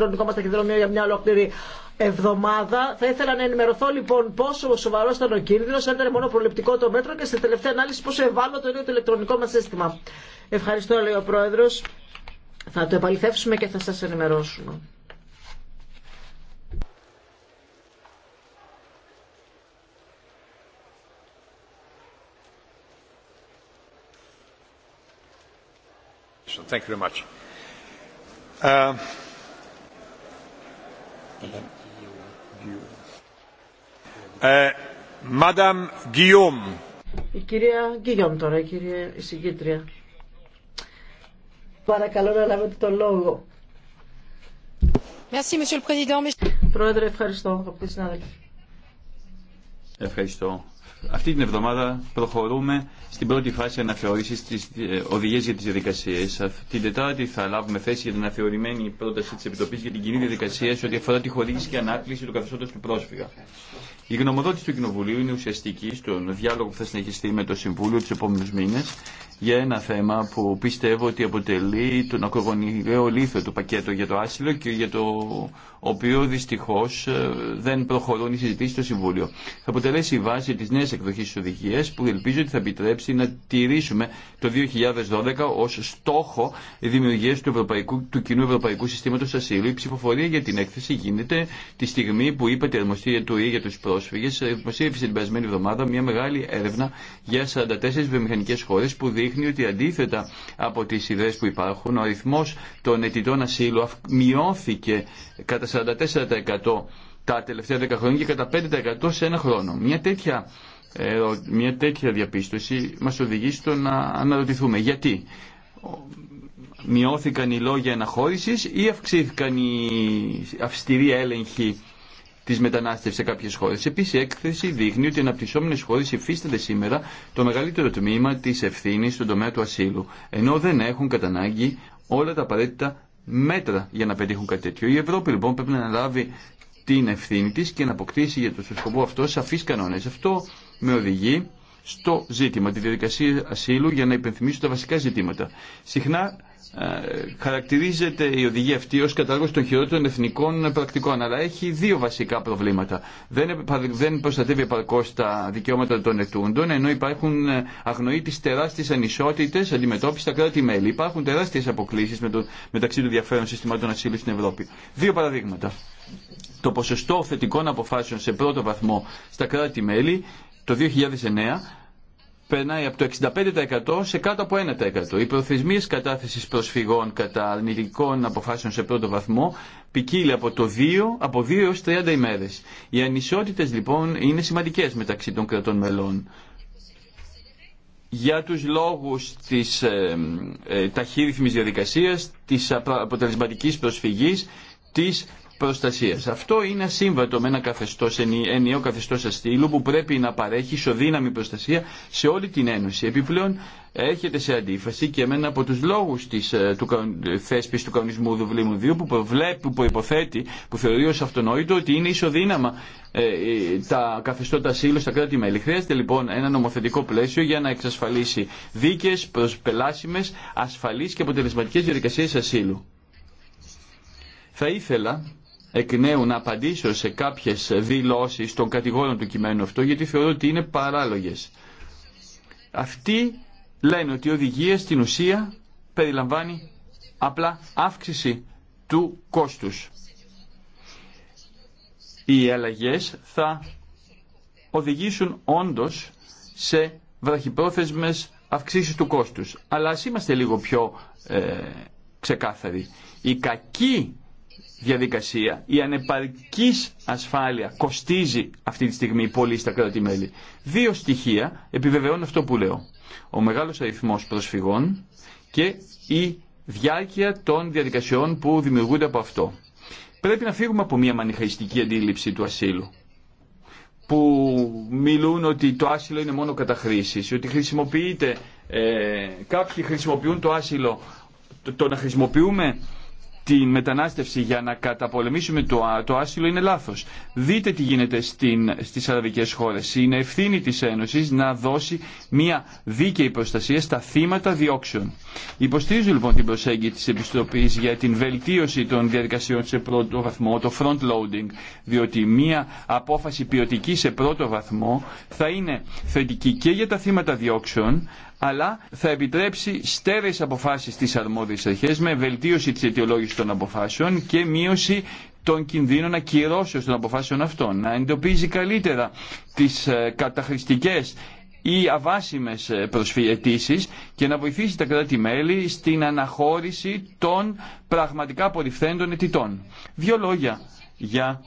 ηλεκτρονικό μα ταχυδρομείο για μια ολόκληρη εβδομάδα. Θα ήθελα να ενημερωθώ λοιπόν πόσο σοβαρό ήταν ο κίνδυνο, αν ήταν μόνο προληπτικό το μέτρο και στη τελευταία ανάλυση πόσο ευάλωτο είναι το ηλεκτρονικό μα σύστημα. Ευχαριστώ, λέει ο Πρόεδρο. Θα το επαληθεύσουμε και θα σα ενημερώσουμε. Thank you very much. Uh... Ε, η κυρία Γκίγιομ τώρα, η κυρία εισηγήτρια. Παρακαλώ να λάβετε το λόγο. Merci, Monsieur le Président. Πρόεδρε, ευχαριστώ, αγαπητοί συνάδελφοι. Ευχαριστώ. Αυτή την εβδομάδα προχωρούμε στην πρώτη φάση αναθεώρηση τη ε, οδηγία για τι διαδικασίε. Την Τετάρτη θα λάβουμε θέση για την αναθεωρημένη πρόταση τη Επιτροπή για την κοινή διαδικασία σε ό,τι αφορά τη χορήγηση και ανάκληση του καθεστώτο του πρόσφυγα. Η γνωμοδότηση του Κοινοβουλίου είναι ουσιαστική στον διάλογο που θα συνεχιστεί με το Συμβούλιο του επόμενου μήνε για ένα θέμα που πιστεύω ότι αποτελεί τον ακρογωνιαίο λίθο του πακέτο για το άσυλο και για το οποίο δυστυχώς ε, δεν προχωρούν οι συζητήσεις στο Συμβούλιο. Θα αποτελέσει η βάση τη νέα εκδοχή τη οδηγία που ελπίζω ότι θα επιτρέψει να τηρήσουμε το 2012 ως στόχο δημιουργία του, Ευρωπαϊκού, του κοινού Ευρωπαϊκού Συστήματος Ασύλου. Η ψηφοφορία για την έκθεση γίνεται τη στιγμή που τη αρμοστήρια του ΙΕ για τους πρόσφυγες. Δημοσίευσε την περασμένη εβδομάδα μια μεγάλη έρευνα για 44 βιομηχανικές χώρες που δείχνει ότι αντίθετα από τις ιδέες που υπάρχουν, ο αριθμός των αιτητών ασύλου μειώθηκε κατά 44% τα τελευταία 10 χρόνια και κατά 5% σε ένα χρόνο. Μια τέτοια, ε, μια τέτοια διαπίστωση μας οδηγεί στο να αναρωτηθούμε γιατί μειώθηκαν οι λόγοι αναχώρησης ή αυξήθηκαν οι αυστηροί έλεγχοι τη μετανάστευση σε κάποιε χώρε. Επίση, η έκθεση δείχνει ότι οι αναπτυσσόμενε χώρε υφίστανται σήμερα το μεγαλύτερο τμήμα τη ευθύνη στον τομέα του ασύλου, ενώ δεν έχουν κατά ανάγκη όλα τα απαραίτητα μέτρα για να πετύχουν κάτι τέτοιο. Η Ευρώπη λοιπόν πρέπει να αναλάβει την ευθύνη τη και να αποκτήσει για τον σκοπό αυτό σαφεί κανόνε. Αυτό με οδηγεί στο ζήτημα, τη διαδικασία ασύλου για να υπενθυμίσω τα βασικά ζητήματα. Συχνά ε, χαρακτηρίζεται η οδηγία αυτή ως κατάργωση των χειρότερων εθνικών πρακτικών, αλλά έχει δύο βασικά προβλήματα. Δεν, προστατεύει επαρκώς τα δικαιώματα των ετούντων, ενώ υπάρχουν ε, αγνοεί τις τεράστιες ανισότητες αντιμετώπιση στα κράτη-μέλη. Υπάρχουν τεράστιες αποκλήσεις με το, μεταξύ των διαφέρων συστημάτων ασύλου στην Ευρώπη. Δύο παραδείγματα. Το ποσοστό θετικών αποφάσεων σε πρώτο βαθμό στα κράτη-μέλη το 2009 περνάει από το 65% σε κάτω από 1%. Οι προθεσμίες κατάθεσης προσφυγών κατά αρνητικών αποφάσεων σε πρώτο βαθμό ποικίλει από, το 2, από 2 έως 30 ημέρες. Οι ανισότητες λοιπόν είναι σημαντικές μεταξύ των κρατών μελών. Για τους λόγους της ε, ε, ταχύρυθμης διαδικασίας, της αποτελεσματικής προσφυγής, της προστασίας. Αυτό είναι ασύμβατο με ένα καθεστώς, ενιαίο καθεστώς αστήλου που πρέπει να παρέχει ισοδύναμη προστασία σε όλη την Ένωση. Επιπλέον έρχεται σε αντίφαση και με ένα από τους λόγους της, ε, του θέσπης του κανονισμού Δουβλήμου 2 που, προβλέπει, που υποθέτει, που θεωρεί ως αυτονόητο ότι είναι ισοδύναμα ε, ε, τα καθεστώτα ασύλου στα κράτη-μέλη. Χρειάζεται λοιπόν ένα νομοθετικό πλαίσιο για να εξασφαλίσει δίκαιε, προσπελάσιμε, ασφαλεί και αποτελεσματικέ διαδικασίε ασύλου. Θα ήθελα εκ νέου να απαντήσω σε κάποιες δηλώσεις των κατηγόρων του κειμένου αυτό γιατί θεωρώ ότι είναι παράλογες. Αυτοί λένε ότι η οδηγία στην ουσία περιλαμβάνει απλά αύξηση του κόστους. Οι αλλαγές θα οδηγήσουν όντως σε βραχυπρόθεσμες αυξήσεις του κόστους. Αλλά ας είμαστε λίγο πιο ε, ξεκάθαροι. Η κακή διαδικασία. Η ανεπαρκής ασφάλεια κοστίζει αυτή τη στιγμή πολύ στα κράτη-μέλη. Δύο στοιχεία επιβεβαιώνουν αυτό που λέω. Ο μεγάλος αριθμός προσφυγών και η διάρκεια των διαδικασιών που δημιουργούνται από αυτό. Πρέπει να φύγουμε από μια μανιχαϊστική αντίληψη του ασύλου που μιλούν ότι το άσυλο είναι μόνο κατά ότι χρησιμοποιείται, ε, κάποιοι χρησιμοποιούν το άσυλο, το, το να χρησιμοποιούμε την μετανάστευση για να καταπολεμήσουμε το, το άσυλο είναι λάθος. Δείτε τι γίνεται στην, στις αραβικές χώρες. Είναι ευθύνη της Ένωσης να δώσει μια δίκαιη προστασία στα θύματα διώξεων. Υποστηρίζω λοιπόν την προσέγγιση της Επιστροπής για την βελτίωση των διαδικασιών σε πρώτο βαθμό, το front loading, διότι μια απόφαση ποιοτική σε πρώτο βαθμό θα είναι θετική και για τα θύματα διώξεων, αλλά θα επιτρέψει στέρεες αποφάσεις στις αρμόδιες αρχές με βελτίωση της αιτιολόγησης των αποφάσεων και μείωση των κινδύνων ακυρώσεως των αποφάσεων αυτών, να εντοπίζει καλύτερα τις ε, καταχρηστικές ή αβάσιμες ε, προσφυγετήσεις και να βοηθήσει τα κράτη-μέλη στην αναχώρηση των πραγματικά απορριφθέντων αιτητών. Δύο λόγια για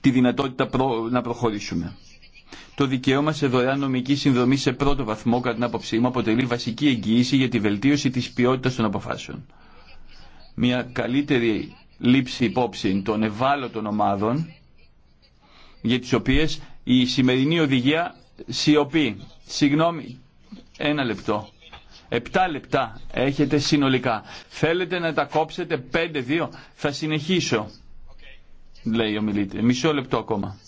τη δυνατότητα να προχωρήσουμε. Το δικαίωμα σε δωρεάν νομική συνδρομή σε πρώτο βαθμό, κατά την άποψή μου, αποτελεί βασική εγγύηση για τη βελτίωση τη ποιότητα των αποφάσεων. Μια καλύτερη λήψη υπόψη των ευάλωτων ομάδων, για τις οποίες η σημερινή οδηγία σιωπεί. Συγγνώμη, ένα λεπτό. Επτά λεπτά έχετε συνολικά. Θέλετε να τα κόψετε πέντε-δύο. Θα συνεχίσω, λέει ο μιλήτη. Μισό λεπτό ακόμα.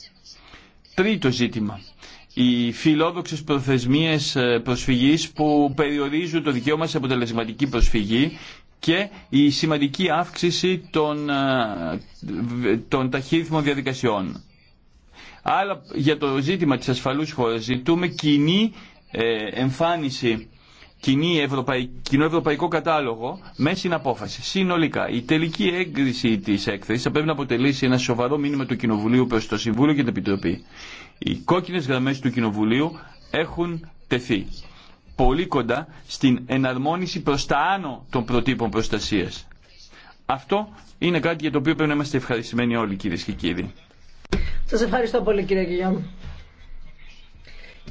Τρίτο ζήτημα οι φιλόδοξε προθεσμίε ε, προσφυγή που περιορίζουν το δικαίωμα σε αποτελεσματική προσφυγή και η σημαντική αύξηση των, ε, των ταχύρυθμων διαδικασιών. Αλλά για το ζήτημα της ασφαλούς χώρας ζητούμε κοινή ε, εμφάνιση κοινή κοινό ευρωπαϊκό κατάλογο με συναπόφαση. Συνολικά, η τελική έγκριση της έκθεσης θα πρέπει να αποτελήσει ένα σοβαρό μήνυμα του Κοινοβουλίου προς το Συμβούλιο και την Επιτροπή. Οι κόκκινες γραμμές του Κοινοβουλίου έχουν τεθεί πολύ κοντά στην εναρμόνιση προς τα άνω των προτύπων προστασίας. Αυτό είναι κάτι για το οποίο πρέπει να είμαστε ευχαριστημένοι όλοι κυρίες και κύριοι. Σας ευχαριστώ πολύ κύριε Γιώργο.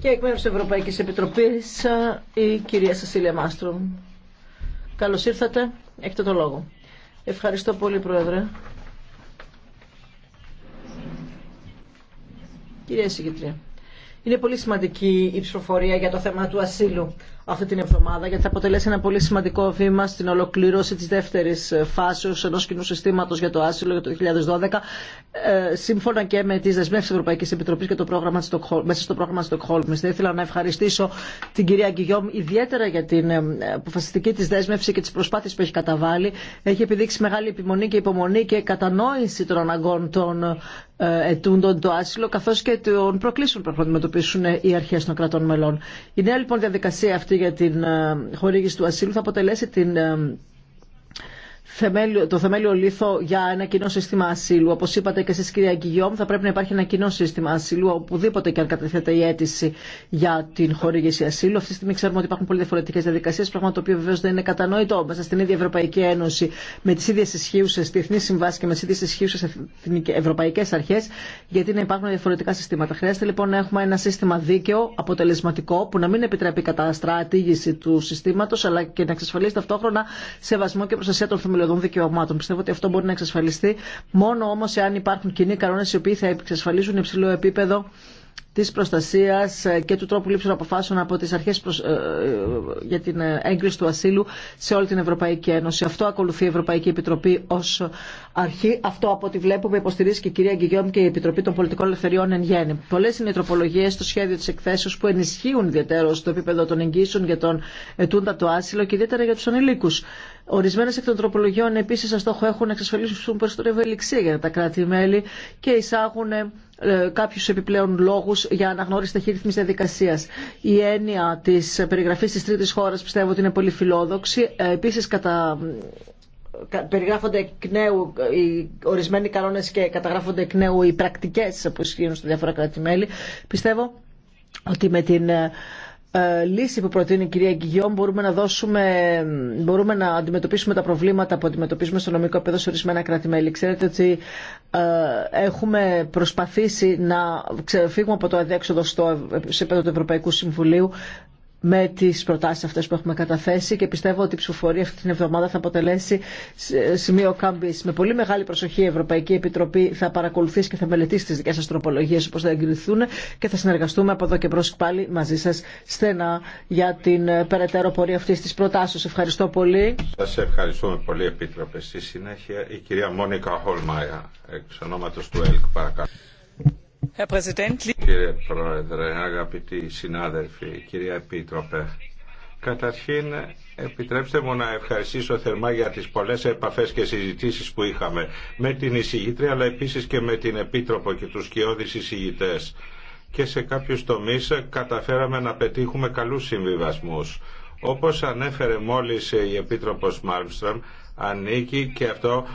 Και εκ μέρους της Ευρωπαϊκής Επιτροπής η κυρία Σασίλια Μάστρομ. Καλώς ήρθατε. Έχετε το λόγο. Ευχαριστώ πολύ Πρόεδρε. Κυρία Συγκητρία, είναι πολύ σημαντική η ψηφοφορία για το θέμα του ασύλου αυτή την εβδομάδα γιατί θα αποτελέσει ένα πολύ σημαντικό βήμα στην ολοκλήρωση της δεύτερης ε, φάσης ενός κοινού συστήματος για το άσυλο για το 2012 ε, σύμφωνα και με τις δεσμεύσεις Ευρωπαϊκής Επιτροπής και το πρόγραμμα μέσα στο πρόγραμμα Στοκχόλμης. Θα ήθελα να ευχαριστήσω την κυρία Γκυγιόμ ιδιαίτερα για την ε, αποφασιστική της δέσμευση και τις προσπάθειες που έχει καταβάλει. Έχει επιδείξει μεγάλη επιμονή και υπομονή και κατανόηση των αναγκών των ετούντων το άσυλο καθώ και των προκλήσεων που αντιμετωπίσουν οι αρχέ των κρατών μελών. Η νέα λοιπόν διαδικασία αυτή για την ε, χορήγηση του ασύλου θα αποτελέσει την ε, θεμέλιο, το θεμέλιο λίθο για ένα κοινό σύστημα ασύλου. Όπω είπατε και εσεί, κυρία Κιγιόμ, θα πρέπει να υπάρχει ένα κοινό σύστημα ασύλου οπουδήποτε και αν κατατίθεται η αίτηση για την χορήγηση ασύλου. Αυτή τη στιγμή ξέρουμε ότι υπάρχουν πολύ διαφορετικέ διαδικασίε, πράγμα το οποίο βεβαίω δεν είναι κατανόητο μέσα στην ίδια Ευρωπαϊκή Ένωση με τι ίδιε ισχύουσε διεθνεί συμβάσει και με τι ίδιε ισχύουσε ευρωπαϊκέ αρχέ, γιατί να υπάρχουν διαφορετικά συστήματα. Χρειάζεται λοιπόν να έχουμε ένα σύστημα δίκαιο, αποτελεσματικό, που να μην επιτρέπει καταστράτηγηση του συστήματο, αλλά και να εξασφαλίσει ταυτόχρονα σεβασμό και προστασία των θεμελιωδών δικαιωμάτων. Πιστεύω ότι αυτό μπορεί να εξασφαλιστεί μόνο όμω εάν υπάρχουν κοινοί κανόνε οι οποίοι θα εξασφαλίσουν υψηλό επίπεδο Τη προστασία ε, και του τρόπου λήψη αποφάσεων από τις αρχές ε, ε, για την έγκριση του ασύλου σε όλη την Ευρωπαϊκή Ένωση. Αυτό ακολουθεί η Ευρωπαϊκή Επιτροπή ω αρχή. Αυτό από ό,τι βλέπουμε υποστηρίζει και η κυρία Γκυγιόμ και η Επιτροπή των Πολιτικών Ελευθεριών εν γέννη. Πολλέ είναι οι τροπολογίε στο σχέδιο τη εκθέσεως που ενισχύουν ιδιαίτερο στο επίπεδο των εγγύσεων για τον ετούντα το άσυλο και ιδιαίτερα για του ανηλίκου. Ορισμένε εκ των τροπολογιών επίση στόχο έχουν εξασφαλίσει περισσότερη ευελιξία για τα κράτη-μέλη και εισάγουν ε, κάποιου επιπλέον λόγου για αναγνώριση ταχύρυθμη διαδικασία. Η έννοια τη περιγραφή τη τρίτη χώρα πιστεύω ότι είναι πολύ φιλόδοξη. Ε, Επίση, κατά περιγράφονται εκ νέου οι ορισμένοι κανόνε και καταγράφονται εκ νέου οι πρακτικέ που ισχύουν στα διάφορα κράτη-μέλη. Πιστεύω ότι με την ε, ε, λύση που προτείνει η κυρία Γκυγιόμ μπορούμε να, δώσουμε, μπορούμε να αντιμετωπίσουμε τα προβλήματα που αντιμετωπίζουμε στο νομικό επίπεδο σε ορισμένα κράτη-μέλη. Ξέρετε ότι ε, έχουμε προσπαθήσει να ξεφύγουμε από το αδιέξοδο στο επίπεδο του Ευρωπαϊκού Συμβουλίου με τι προτάσει αυτέ που έχουμε καταθέσει και πιστεύω ότι η ψηφοφορία αυτή την εβδομάδα θα αποτελέσει σημείο κάμπη. Με πολύ μεγάλη προσοχή η Ευρωπαϊκή Επιτροπή θα παρακολουθήσει και θα μελετήσει τι δικέ σα τροπολογίε όπω θα εγκριθούν και θα συνεργαστούμε από εδώ και μπρο πάλι μαζί σα στενά για την ε, περαιτέρω πορεία αυτή τη προτάσεω. Ευχαριστώ πολύ. Σα ευχαριστούμε πολύ Επίτροπε. Στη συνέχεια η κυρία Μόνικα Χολμάια, εξ του ΕΛΚ παρακαλώ. Κύριε Πρόεδρε, αγαπητοί συνάδελφοι, κυρία Επίτροπε, καταρχήν Επιτρέψτε μου να ευχαριστήσω θερμά για τις πολλές επαφές και συζητήσεις που είχαμε με την εισηγήτρια αλλά επίσης και με την Επίτροπο και τους κοιόδης εισηγητές. Και σε κάποιους τομείς καταφέραμε να πετύχουμε καλούς συμβιβασμούς. Όπως ανέφερε μόλις η Επίτροπος Μάλμστρομ, ανήκει και αυτό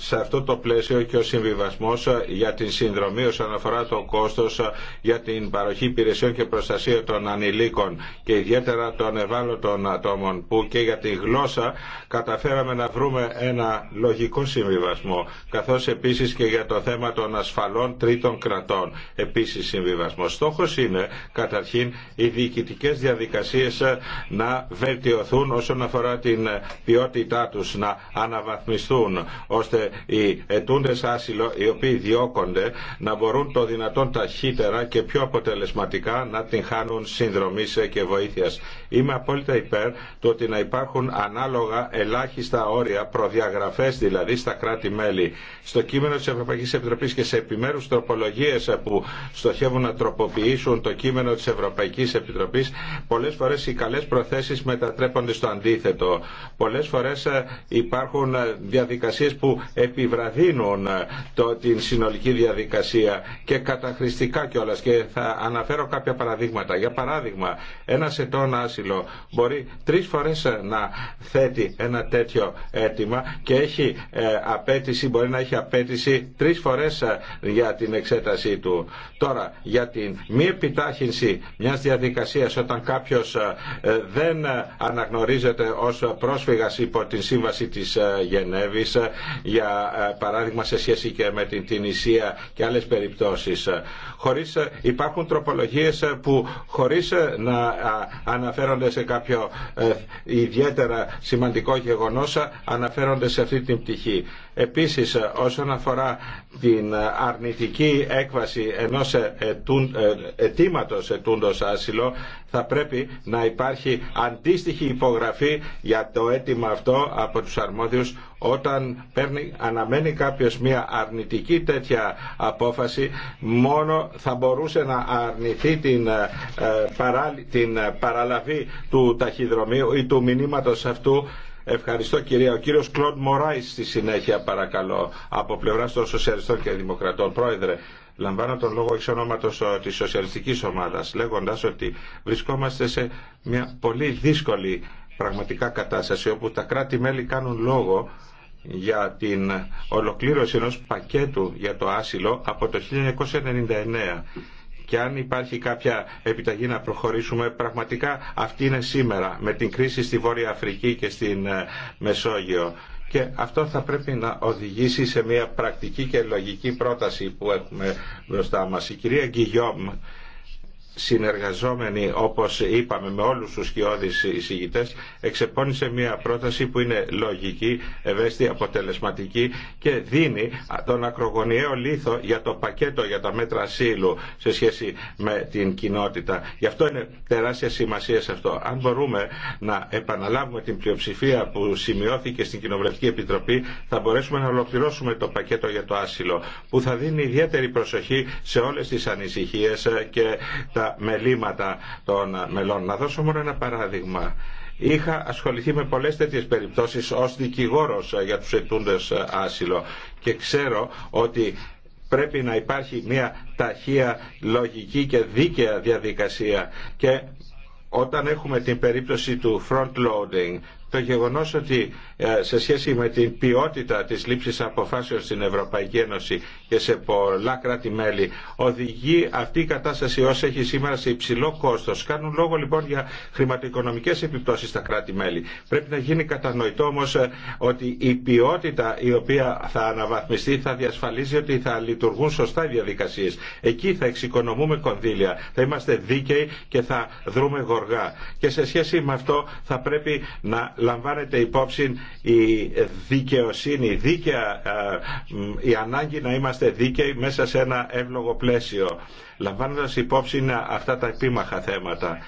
σε αυτό το πλαίσιο και ο συμβιβασμός ε, για την συνδρομή όσον αφορά το κόστος ε, για την παροχή υπηρεσιών και προστασία των ανηλίκων και ιδιαίτερα των ευάλωτων ατόμων που και για τη γλώσσα καταφέραμε να βρούμε ένα λογικό συμβιβασμό καθώς επίσης και για το θέμα των ασφαλών τρίτων κρατών επίσης συμβιβασμό. Στόχος είναι καταρχήν οι διοικητικές διαδικασίες ε, να βελτιωθούν όσον αφορά την ποιότητά του, να αναβαθμιστούν ώστε οι ετούντε άσυλο οι οποίοι διώκονται να μπορούν το δυνατόν ταχύτερα και πιο αποτελεσματικά να την χάνουν συνδρομή και βοήθεια. Είμαι απόλυτα υπέρ του ότι να υπάρχουν ανάλογα ελάχιστα όρια, προδιαγραφέ δηλαδή στα κράτη-μέλη. Στο κείμενο τη Ευρωπαϊκή Επιτροπή και σε επιμέρου τροπολογίε που στοχεύουν να τροποποιήσουν το κείμενο τη Ευρωπαϊκή Επιτροπής, Πολλέ φορέ οι καλέ προθέσει μετατρέπονται στο αντίθετο. Πολλέ φορέ ε, υπάρχουν ε, διαδικασίε που επιβραδύνουν ε, το, την συνολική διαδικασία και καταχρηστικά κιόλα. Και θα αναφέρω κάποια παραδείγματα. Για παράδειγμα, ένα ετών άσυλο μπορεί τρει φορέ ε, να θέτει ένα τέτοιο αίτημα και έχει ε, απέτηση, μπορεί να έχει απέτηση τρει φορέ για την εξέτασή του. Τώρα, για την μη επιτάχυνση μια διαδικασία όταν κάποιο δεν αναγνωρίζεται ω πρόσφυγα υπό την σύμβαση τη Γενέβη για ε, παράδειγμα σε σχέση και με την Τινησία και άλλες περιπτώσεις. Χωρίς, ε, υπάρχουν τροπολογίες ε, που χωρίς να αναφέρονται σε κάποιο ιδιαίτερα σημαντικό γεγονός αναφέρονται σε αυτή την πτυχή. Επίσης όσον αφορά την αρνητική έκβαση ενός αιτήματος ετούντος άσυλο θα πρέπει να υπάρχει αντίστοιχη υπογραφή για το αίτημα αυτό από τους αρμόδιους όταν παίρνει, αναμένει κάποιος μια αρνητική τέτοια απόφαση μόνο θα μπορούσε να αρνηθεί την, ε, την παραλαβή του ταχυδρομείου ή του μηνύματος αυτού Ευχαριστώ κυρία. Ο κύριο Κλοντ Μωράης στη συνέχεια παρακαλώ από πλευρά των Σοσιαλιστών και Δημοκρατών. Πρόεδρε, Λαμβάνω τον λόγο εξ ονόματο ε, της Σοσιαλιστικής Ομάδας λέγοντας ότι βρισκόμαστε σε μια πολύ δύσκολη πραγματικά κατάσταση όπου τα κράτη-μέλη κάνουν λόγο για την ολοκλήρωση ενός πακέτου για το άσυλο από το 1999 και αν υπάρχει κάποια επιταγή να προχωρήσουμε, πραγματικά αυτή είναι σήμερα με την κρίση στη Βόρεια Αφρική και στην ε, Μεσόγειο. Και αυτό θα πρέπει να οδηγήσει σε μια πρακτική και λογική πρόταση που έχουμε μπροστά μας. Η κυρία Γκυγιόμ συνεργαζόμενοι όπως είπαμε με όλους τους σκιώδεις εισηγητές εξεπώνησε μια πρόταση που είναι λογική, ευαίσθητη, αποτελεσματική και δίνει τον ακρογωνιαίο λίθο για το πακέτο για τα μέτρα ασύλου σε σχέση με την κοινότητα. Γι' αυτό είναι τεράστια σημασία σε αυτό. Αν μπορούμε να επαναλάβουμε την πλειοψηφία που σημειώθηκε στην Κοινοβουλευτική Επιτροπή θα μπορέσουμε να ολοκληρώσουμε το πακέτο για το άσυλο που θα δίνει ιδιαίτερη προσοχή σε όλες τις ανησυχίες και τα μελήματα των μελών. Να δώσω μόνο ένα παράδειγμα. Είχα ασχοληθεί με πολλές τέτοιες περιπτώσεις ως δικηγόρος για τους ετούντες άσυλο και ξέρω ότι πρέπει να υπάρχει μια ταχεία, λογική και δίκαια διαδικασία και όταν έχουμε την περίπτωση του front loading, το γεγονός ότι ε, σε σχέση με την ποιότητα της λήψης αποφάσεων στην Ευρωπαϊκή Ένωση και σε πολλά κράτη-μέλη οδηγεί αυτή η κατάσταση όσο έχει σήμερα σε υψηλό κόστος. Κάνουν λόγο λοιπόν για χρηματοοικονομικές επιπτώσεις στα κράτη-μέλη. Πρέπει να γίνει κατανοητό όμως ε, ότι η ποιότητα η οποία θα αναβαθμιστεί θα διασφαλίζει ότι θα λειτουργούν σωστά οι διαδικασίες. Εκεί θα εξοικονομούμε κονδύλια, θα είμαστε δίκαιοι και θα δρούμε γοργά. Και σε σχέση με αυτό θα πρέπει να λαμβάνεται υπόψη η δικαιοσύνη, δίκαια, ε, η ανάγκη να είμαστε δίκαιοι μέσα σε ένα εύλογο πλαίσιο, λαμβάνοντας υπόψη αυτά τα επίμαχα θέματα.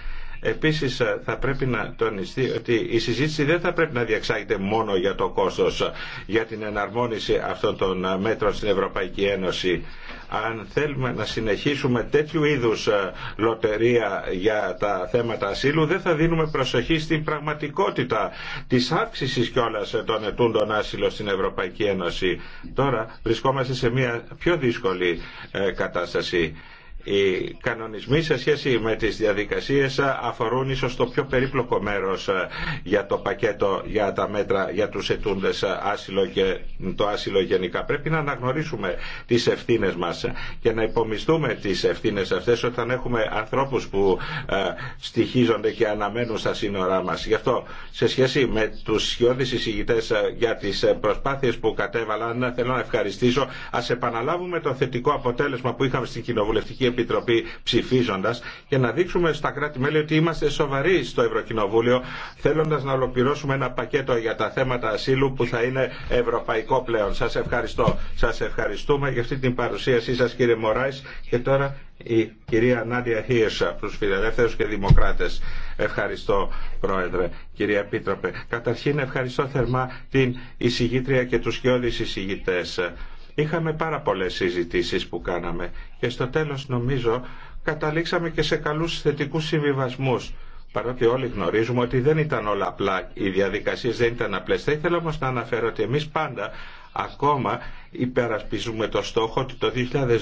Επίσης ε, θα πρέπει να τονιστεί ότι η συζήτηση δεν θα πρέπει να διεξάγεται μόνο για το κόστος ε, για την εναρμόνιση αυτών των ε, μέτρων στην Ευρωπαϊκή Ένωση. Αν θέλουμε να συνεχίσουμε τέτοιου είδους λοτερία για τα θέματα ασύλου δεν θα δίνουμε προσοχή στην πραγματικότητα της αύξησης κιόλας των ετούντων άσυλο στην Ευρωπαϊκή Ένωση. Τώρα βρισκόμαστε σε μια πιο δύσκολη κατάσταση οι κανονισμοί σε σχέση με τις διαδικασίες αφορούν ίσως το πιο περίπλοκο μέρος ε, για το πακέτο για τα μέτρα για τους ετούντες ε, άσυλο και το άσυλο γενικά. Πρέπει να αναγνωρίσουμε τις ευθύνες μας και να υπομισθούμε τις ευθύνες αυτές όταν έχουμε ανθρώπους που ε, στοιχίζονται και αναμένουν στα σύνορά μας. Γι' αυτό σε σχέση με τους σιώδεις εισηγητές για τις προσπάθειες που κατέβαλαν θέλω να ευχαριστήσω. Ας επαναλάβουμε το θετικό αποτέλεσμα που είχαμε στην Κοινοβουλευτική Επιτροπή ψηφίζοντας και να δείξουμε στα κράτη-μέλη ότι είμαστε σοβαροί στο Ευρωκοινοβούλιο θέλοντας να ολοκληρώσουμε ένα πακέτο για τα θέματα ασύλου που θα είναι ευρωπαϊκό πλέον. Σας ευχαριστώ. Σας ευχαριστούμε για αυτή την παρουσίασή σας κύριε Μωράης και τώρα η κυρία Νάντια Χίρσα από Φιλελεύθερους και Δημοκράτες. Ευχαριστώ Πρόεδρε, κυρία Επίτροπε. Καταρχήν ευχαριστώ θερμά την εισηγήτρια και τους εισηγητές. Είχαμε πάρα πολλές συζητήσεις που κάναμε και στο τέλος νομίζω καταλήξαμε και σε καλούς θετικούς συμβιβασμούς. Παρότι όλοι γνωρίζουμε ότι δεν ήταν όλα απλά, οι διαδικασίες δεν ήταν απλές. Θα ήθελα όμως να αναφέρω ότι εμείς πάντα ακόμα υπερασπίζουμε το στόχο ότι το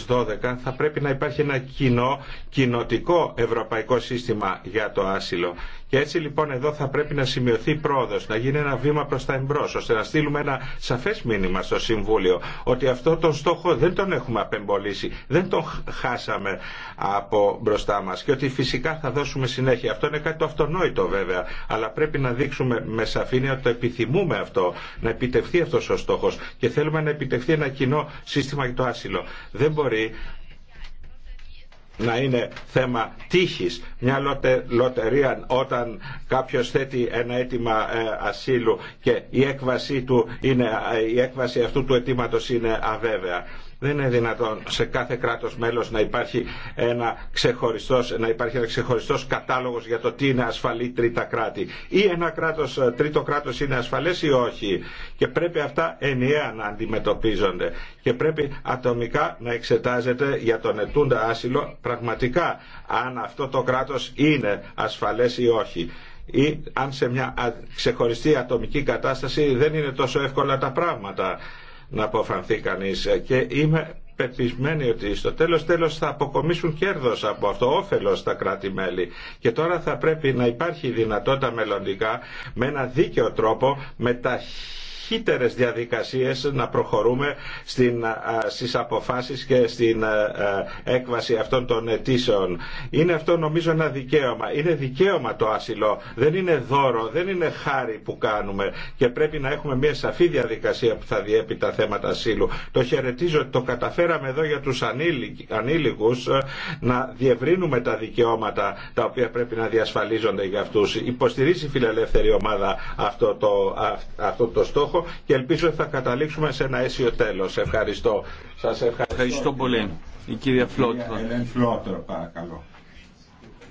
2012 θα πρέπει να υπάρχει ένα κοινό, κοινοτικό ευρωπαϊκό σύστημα για το άσυλο. Και έτσι λοιπόν εδώ θα πρέπει να σημειωθεί πρόοδος, να γίνει ένα βήμα προς τα εμπρός, ώστε να στείλουμε ένα σαφές μήνυμα στο Συμβούλιο, ότι αυτό τον στόχο δεν τον έχουμε απεμπολίσει, δεν τον χάσαμε από μπροστά μας και ότι φυσικά θα δώσουμε συνέχεια. Αυτό είναι κάτι το αυτονόητο βέβαια, αλλά πρέπει να δείξουμε με σαφήνεια ότι το επιθυμούμε αυτό, να επιτευχθεί αυτός ο στόχος και θέλουμε να επιτευχθεί ένα κοινό σύστημα για το άσυλο. Δεν μπορεί να είναι θέμα τύχης μια λοτερία όταν κάποιος θέτει ένα αίτημα ε, ασύλου και η έκβαση, του είναι, ε, η έκβαση αυτού του αιτήματος είναι αβέβαια. Δεν είναι δυνατόν σε κάθε κράτος μέλος να υπάρχει ένα ξεχωριστός, να υπάρχει ένα ξεχωριστός κατάλογος για το τι είναι ασφαλή τρίτα κράτη. Ή ένα κράτος, τρίτο κράτος είναι ασφαλές ή όχι. Και πρέπει αυτά ενιαία να αντιμετωπίζονται. Και πρέπει ατομικά να εξετάζεται για τον ετούντα άσυλο πραγματικά αν αυτό το κράτος είναι ασφαλές ή όχι ή αν σε μια ξεχωριστή ατομική κατάσταση δεν είναι τόσο εύκολα τα πράγματα να αποφανθεί κανείς ε, και είμαι πεπισμένοι ότι στο τέλος τέλος θα αποκομίσουν κέρδος από αυτό, όφελος στα κράτη-μέλη. Και τώρα θα πρέπει να υπάρχει δυνατότητα μελλοντικά με ένα δίκαιο τρόπο με τα ταχύτερες διαδικασίες να προχωρούμε στην, στις αποφάσεις και στην έκβαση αυτών των αιτήσεων. Είναι αυτό νομίζω ένα δικαίωμα. Είναι δικαίωμα το άσυλο. Δεν είναι δώρο, δεν είναι χάρη που κάνουμε και πρέπει να έχουμε μια σαφή διαδικασία που θα διέπει τα θέματα ασύλου. Το χαιρετίζω το καταφέραμε εδώ για τους ανήλικους ε, να διευρύνουμε τα δικαιώματα τα οποία πρέπει να διασφαλίζονται για αυτούς. Υποστηρίζει η φιλελεύθερη ομάδα αυτό το, αυτό το στόχο στόχο και ελπίζω ότι θα καταλήξουμε σε ένα αίσιο τέλο. Ευχαριστώ. Σας ευχαριστώ. Ευχαριστώ πολύ. Η κυρία Φλότρο. Φλότρο, παρακαλώ.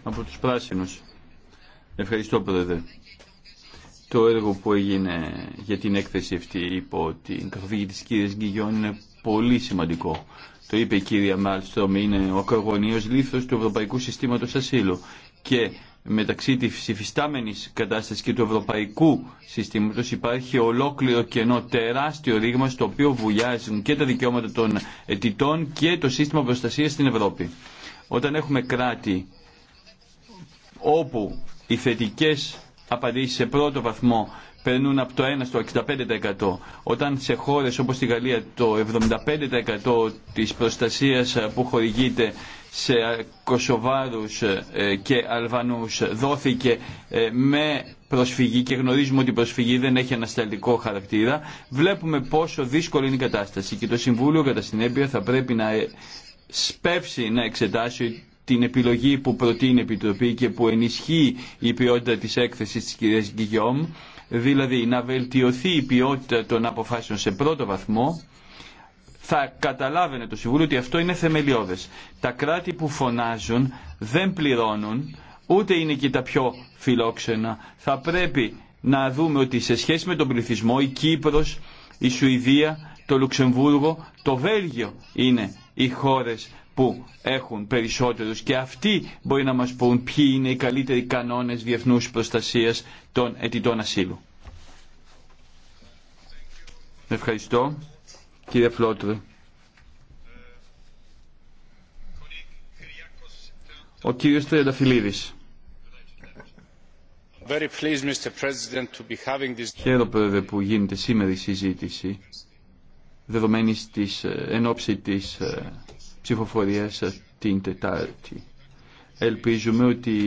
Από τους πράσινους. Ευχαριστώ, Πρόεδρε. Το έργο που έγινε για την έκθεση αυτή υπό την καθοδήγη τη κυρία Γκυγιών είναι πολύ σημαντικό. Το είπε η κυρία Μάλστρομ, είναι ο ακρογωνίο λήθο του Ευρωπαϊκού Σύστήματο Ασύλου. Και μεταξύ της υφιστάμενης κατάστασης και του ευρωπαϊκού συστήματος υπάρχει ολόκληρο κενό τεράστιο ρήγμα στο οποίο βουλιάζουν και τα δικαιώματα των αιτητών και το σύστημα προστασίας στην Ευρώπη. Όταν έχουμε κράτη όπου οι θετικές απαντήσεις σε πρώτο βαθμό περνούν από το 1 στο 65%. Όταν σε χώρες όπως τη Γαλλία το 75% της προστασίας που χορηγείται σε Κωσοβάρους ε, και Αλβανούς δόθηκε ε, με προσφυγή και γνωρίζουμε ότι η προσφυγή δεν έχει ανασταλτικό χαρακτήρα. Βλέπουμε πόσο δύσκολη είναι η κατάσταση και το Συμβούλιο κατά συνέπεια θα πρέπει να ε, σπεύσει να εξετάσει την επιλογή που προτείνει η Επιτροπή και που ενισχύει η ποιότητα της έκθεσης της κυρίας Γκυγιόμ, δηλαδή να βελτιωθεί η ποιότητα των αποφάσεων σε πρώτο βαθμό, θα καταλάβαινε το Συμβούλιο ότι αυτό είναι θεμελιώδες. Τα κράτη που φωνάζουν δεν πληρώνουν, ούτε είναι και τα πιο φιλόξενα. Θα πρέπει να δούμε ότι σε σχέση με τον πληθυσμό η Κύπρος, η Σουηδία, το Λουξεμβούργο, το Βέλγιο είναι οι χώρες που έχουν περισσότερους και αυτοί μπορεί να μας πούν ποιοι είναι οι καλύτεροι κανόνες διεθνούς προστασίας των αιτητών ασύλου. Ευχαριστώ. Κύριε Φλότρ. Ο κύριος Τρενταφυλλίδης. Χαίρομαι, Πρόεδρε, που γίνεται σήμερα η συζήτηση δεδομένη της, ε, ενόψη της ε, ψηφοφορίας ε, την Τετάρτη. Ελπίζουμε ότι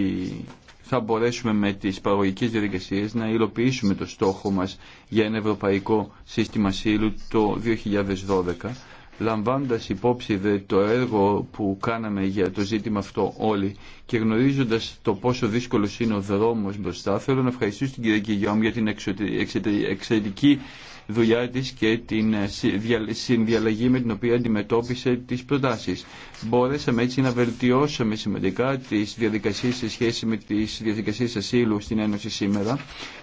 θα μπορέσουμε με τις παραγωγικές διαδικασίες να υλοποιήσουμε το στόχο μας για ένα ευρωπαϊκό σύστημα σύλλου το 2012 λαμβάνοντας υπόψη το έργο που κάναμε για το ζήτημα αυτό όλοι και γνωρίζοντας το πόσο δύσκολος είναι ο δρόμος μπροστά, θέλω να ευχαριστήσω την κυρία Κυγιόμ για την εξαιρετική δουλειά της και την ε, συνδιαλλαγή με την οποία αντιμετώπισε τις προτάσεις. Μπόρεσαμε έτσι να βελτιώσαμε σημαντικά τις διαδικασίες σε σχέση με τις διαδικασίες ασύλου στην Ένωση σήμερα,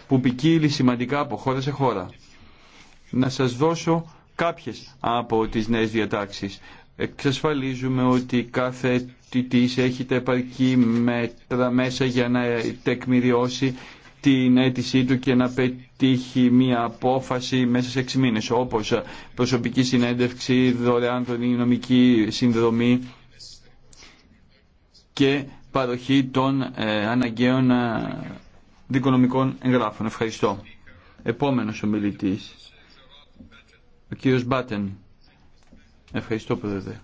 που ποικίλει σημαντικά από χώρα σε χώρα. Να σας δώσω κάποιες από τις νέες διατάξεις. Εξασφαλίζουμε ότι κάθε τιτής έχει τα επαρκή μέτρα μέσα για να τεκμηριώσει την αίτησή του και να πετύχει μία απόφαση μέσα σε 6 μήνες, όπως προσωπική συνέντευξη, δωρεάν νομική συνδρομή και παροχή των ε, αναγκαίων ε, δικονομικών εγγράφων. Ευχαριστώ. Επόμενος ομιλητής. Ο κύριος Μπάτεν. Ευχαριστώ πρόεδρε.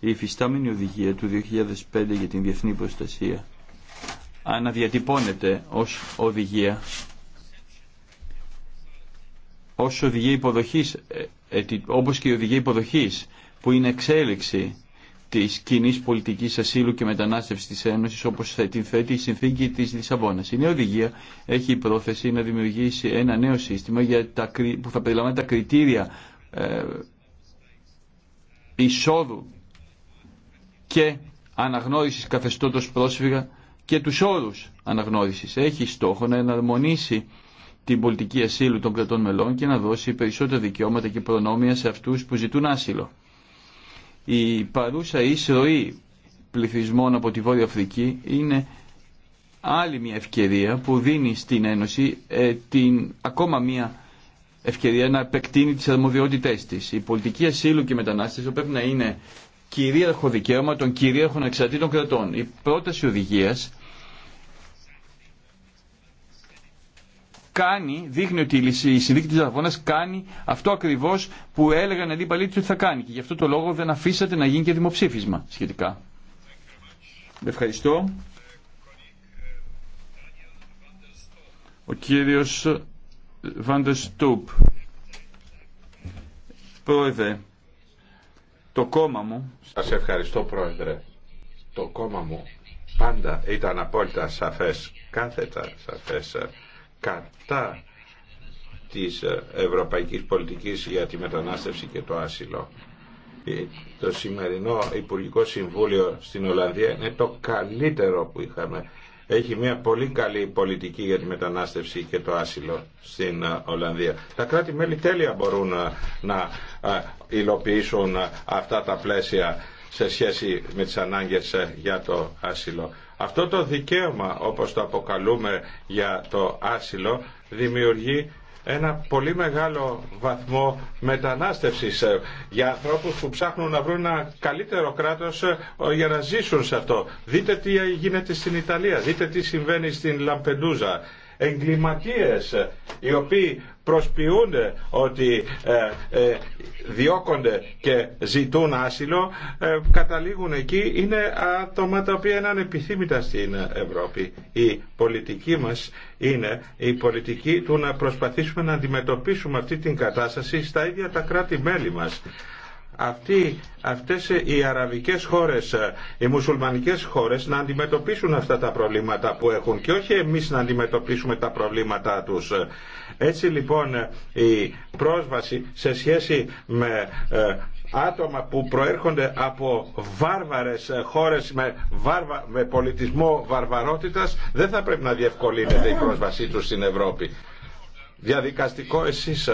Η υφιστάμενη οδηγία του 2005 για την διεθνή προστασία αναδιατυπώνεται ως οδηγία ως οδηγία υποδοχής όπως και η οδηγία υποδοχής που είναι εξέλιξη της κοινή πολιτική ασύλου και μετανάστευση τη Ένωση, όπω την θέτει η συνθήκη τη Λισαβόνα. Η νέα οδηγία έχει η πρόθεση να δημιουργήσει ένα νέο σύστημα για τα, που θα περιλαμβάνει τα κριτήρια ε, εισόδου και αναγνώριση καθεστώτο πρόσφυγα και του όρου αναγνώριση. Έχει στόχο να εναρμονίσει την πολιτική ασύλου των κρατών μελών και να δώσει περισσότερα δικαιώματα και προνόμια σε αυτού που ζητούν άσυλο. Η παρούσα εισρωή πληθυσμών από τη Βόρεια Αφρική είναι άλλη μια ευκαιρία που δίνει στην Ένωση ε, την, ακόμα μια ευκαιρία να επεκτείνει τις αρμοδιότητές της. Η πολιτική ασύλου και μετανάστευση πρέπει να είναι κυρίαρχο δικαίωμα των κυρίαρχων εξαρτήτων κρατών. Η πρόταση οδηγίας κάνει, δείχνει ότι η συνδίκη της Λαβώνας κάνει αυτό ακριβώς που έλεγαν αντίπαλοι του ότι θα κάνει και γι' αυτό το λόγο δεν αφήσατε να γίνει και δημοψήφισμα σχετικά. Ευχαριστώ. Ο κύριος Στούπ. Πρόεδρε, το κόμμα μου... Σας ευχαριστώ πρόεδρε. Το κόμμα μου πάντα ήταν απόλυτα σαφές, κάθετα σαφές κατά της ε, ευρωπαϊκής πολιτικής για τη μετανάστευση και το άσυλο. Ε, το σημερινό Υπουργικό Συμβούλιο στην Ολλανδία είναι το καλύτερο που είχαμε. Έχει μια πολύ καλή πολιτική για τη μετανάστευση και το άσυλο στην ε, Ολλανδία. Τα κράτη-μέλη τέλεια μπορούν να υλοποιήσουν αυτά τα πλαίσια σε σχέση με τις ανάγκες ε, για το άσυλο. Αυτό το δικαίωμα, όπως το αποκαλούμε για το άσυλο, δημιουργεί ένα πολύ μεγάλο βαθμό μετανάστευσης ε, για ανθρώπους που ψάχνουν να βρουν ένα καλύτερο κράτος ε, για να ζήσουν σε αυτό. Δείτε τι γίνεται στην Ιταλία, δείτε τι συμβαίνει στην Λαμπεντούζα εγκληματίες ε, οι οποίοι προσποιούνται ότι ε, ε, διώκονται και ζητούν άσυλο καταλήγουν εκεί είναι άτομα τα οποία είναι ανεπιθύμητα στην Ευρώπη. Η πολιτική μας είναι η πολιτική του να προσπαθήσουμε να αντιμετωπίσουμε αυτή την κατάσταση στα ίδια τα κράτη-μέλη μας αυτοί, αυτές οι αραβικές χώρες, οι μουσουλμανικές χώρες να αντιμετωπίσουν αυτά τα προβλήματα που έχουν και όχι εμείς να αντιμετωπίσουμε τα προβλήματά τους. Έτσι λοιπόν η πρόσβαση σε σχέση με ε, άτομα που προέρχονται από βάρβαρες χώρες με, βάρβα, με πολιτισμό βαρβαρότητας δεν θα πρέπει να διευκολύνεται η πρόσβασή τους στην Ευρώπη. Διαδικαστικό εσείς.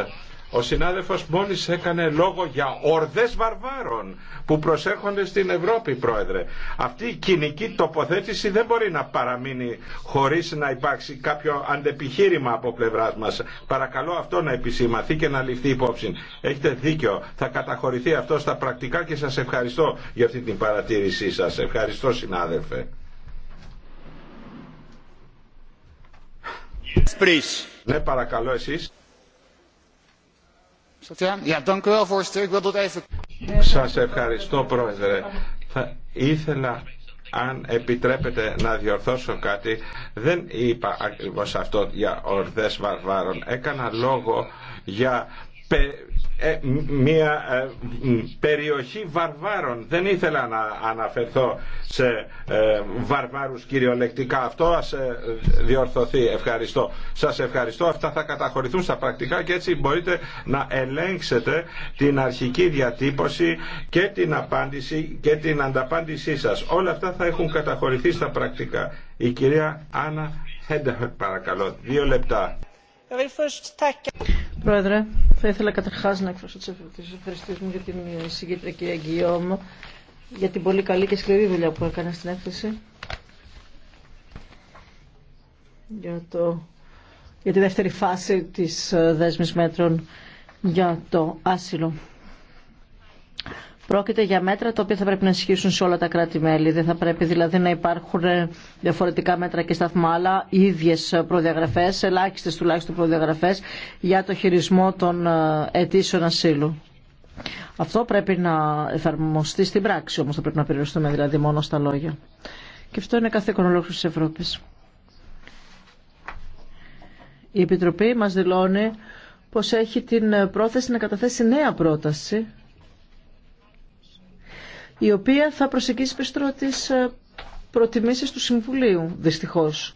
Ο συνάδελφος μόλις έκανε λόγο για ορδές βαρβάρων που προσέρχονται στην Ευρώπη, Πρόεδρε. Αυτή η κοινική τοποθέτηση δεν μπορεί να παραμείνει χωρίς να υπάρξει κάποιο αντεπιχείρημα από πλευράς μας. Παρακαλώ αυτό να επισημαθεί και να ληφθεί υπόψη. Έχετε δίκιο. Θα καταχωρηθεί αυτό στα πρακτικά και σας ευχαριστώ για αυτή την παρατήρησή σας. Ευχαριστώ, συνάδελφε. ναι, παρακαλώ εσείς. Σας ευχαριστώ πρόεδρε. Θα ήθελα αν επιτρέπετε να διορθώσω κάτι, δεν είπα ακριβώς αυτό για ορδές βαρβάρων. Έκανα λόγο για ε, μια ε, περιοχή βαρβάρων. Δεν ήθελα να αναφερθώ σε ε, βαρβάρους κυριολεκτικά. Αυτό ας διορθωθεί. Ευχαριστώ. Σας ευχαριστώ. Αυτά θα καταχωρηθούν στα πρακτικά και έτσι μπορείτε να ελέγξετε την αρχική διατύπωση και την απάντηση και την ανταπάντησή σας. Όλα αυτά θα έχουν καταχωρηθεί στα πρακτικά. Η κυρία Άννα Χέντεχερ παρακαλώ. Δύο λεπτά. Πρόεδρε, θα ήθελα καταρχάς να εκφράσω τις ευχαριστήσεις μου για την συγκέντρια κυρία Γκυόμ για την πολύ καλή και σκληρή δουλειά που έκανε στην έκθεση. Για, το... για τη δεύτερη φάση της ε, δέσμης μέτρων για το άσυλο. Πρόκειται για μέτρα τα οποία θα πρέπει να ισχύσουν σε όλα τα κράτη-μέλη. Δεν θα πρέπει δηλαδή να υπάρχουν διαφορετικά μέτρα και σταθμά, αλλά ίδιε προδιαγραφέ, ελάχιστε τουλάχιστον προδιαγραφέ για το χειρισμό των ε, αιτήσεων ασύλου. Αυτό πρέπει να εφαρμοστεί στην πράξη όμω θα πρέπει να περιοριστούμε δηλαδή μόνο στα λόγια. Και αυτό είναι κάθε ολόκληρη τη Ευρώπη. Η Επιτροπή μας δηλώνει πως έχει την πρόθεση να καταθέσει νέα πρόταση η οποία θα προσεγγίσει περισσότερο τις ε, προτιμήσεις του Συμβουλίου, δυστυχώς.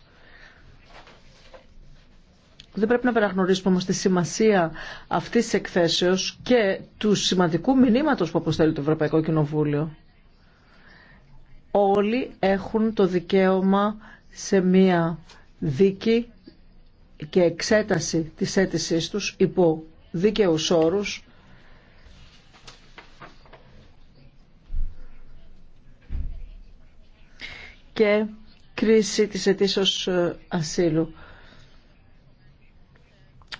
Δεν πρέπει να παραγνωρίσουμε όμως τη σημασία αυτής της εκθέσεως και του σημαντικού μηνύματος που αποστέλει το Ευρωπαϊκό Κοινοβούλιο. Όλοι έχουν το δικαίωμα σε μία δίκη και εξέταση της αίτησής τους υπό δίκαιους όρους και κρίση της αιτήσεως ε, ασύλου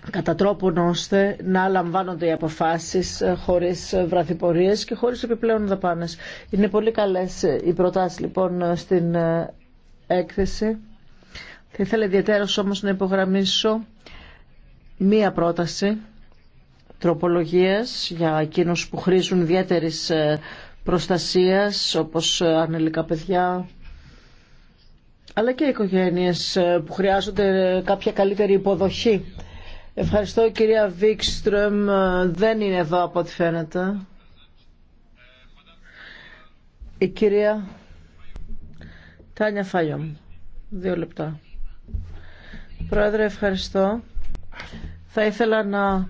κατά τρόπον ώστε να λαμβάνονται οι αποφάσεις ε, χωρίς βραθυπορίες και χωρίς επιπλέον δαπάνες. Είναι πολύ καλές ε, οι προτάσεις λοιπόν στην έκθεση. Θα ήθελα ιδιαίτερα όμως να υπογραμμίσω μία πρόταση τροπολογίας για εκείνους που χρήζουν ιδιαίτερης προστασίας όπως ανελικά παιδιά, αλλά και οι οικογένειες ε, που χρειάζονται κάποια καλύτερη υποδοχή. Ευχαριστώ Η κυρία Βίξτρομ ε, δεν είναι εδώ από ό,τι φαίνεται. Η κυρία Τάνια Φάγιομ, δύο λεπτά. Πρόεδρε, ευχαριστώ. Θα ήθελα να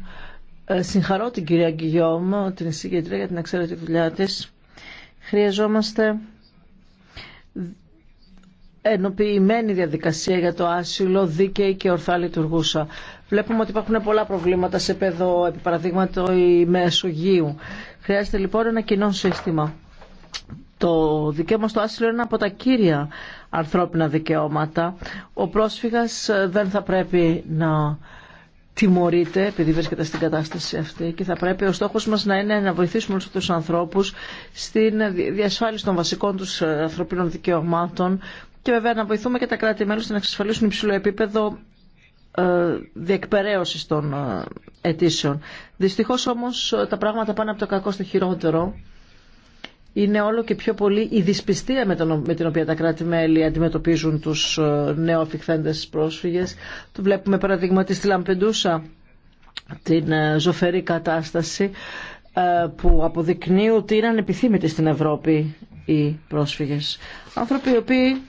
ε, συγχαρώ την κυρία Γκυγιόμ, την εισηγητρία για την εξαιρετική δουλειά της. Χρειαζόμαστε ενοποιημένη διαδικασία για το άσυλο δίκαιη και ορθά λειτουργούσα. Βλέπουμε ότι υπάρχουν πολλά προβλήματα σε παιδό, επί παραδείγματο η Μεσογείου. Χρειάζεται λοιπόν ένα κοινό σύστημα. Το δικαίωμα στο άσυλο είναι ένα από τα κύρια ανθρώπινα δικαιώματα. Ο πρόσφυγας ε, δεν θα πρέπει να τιμωρείται επειδή βρίσκεται στην κατάσταση αυτή και θα πρέπει ο στόχος μας να είναι να βοηθήσουμε όλους τους ανθρώπους στην διασφάλιση των βασικών τους ε, ανθρωπίνων δικαιωμάτων και βέβαια να βοηθούμε και τα κράτη-μέλη να εξασφαλίσουν υψηλό επίπεδο ε, διεκπαιρέωση των ε, αιτήσεων. Δυστυχώ όμω ε, τα πράγματα πάνε από το κακό στο χειρότερο. Είναι όλο και πιο πολύ η δυσπιστία με, την οποία τα κράτη-μέλη αντιμετωπίζουν τους νεοαφιχθέντες πρόσφυγες. Το βλέπουμε παραδείγματι στη Λαμπεντούσα την ζωφερή κατάσταση που αποδεικνύει ότι είναι ανεπιθύμητοι στην Ευρώπη οι πρόσφυγες. Άνθρωποι οι οποίοι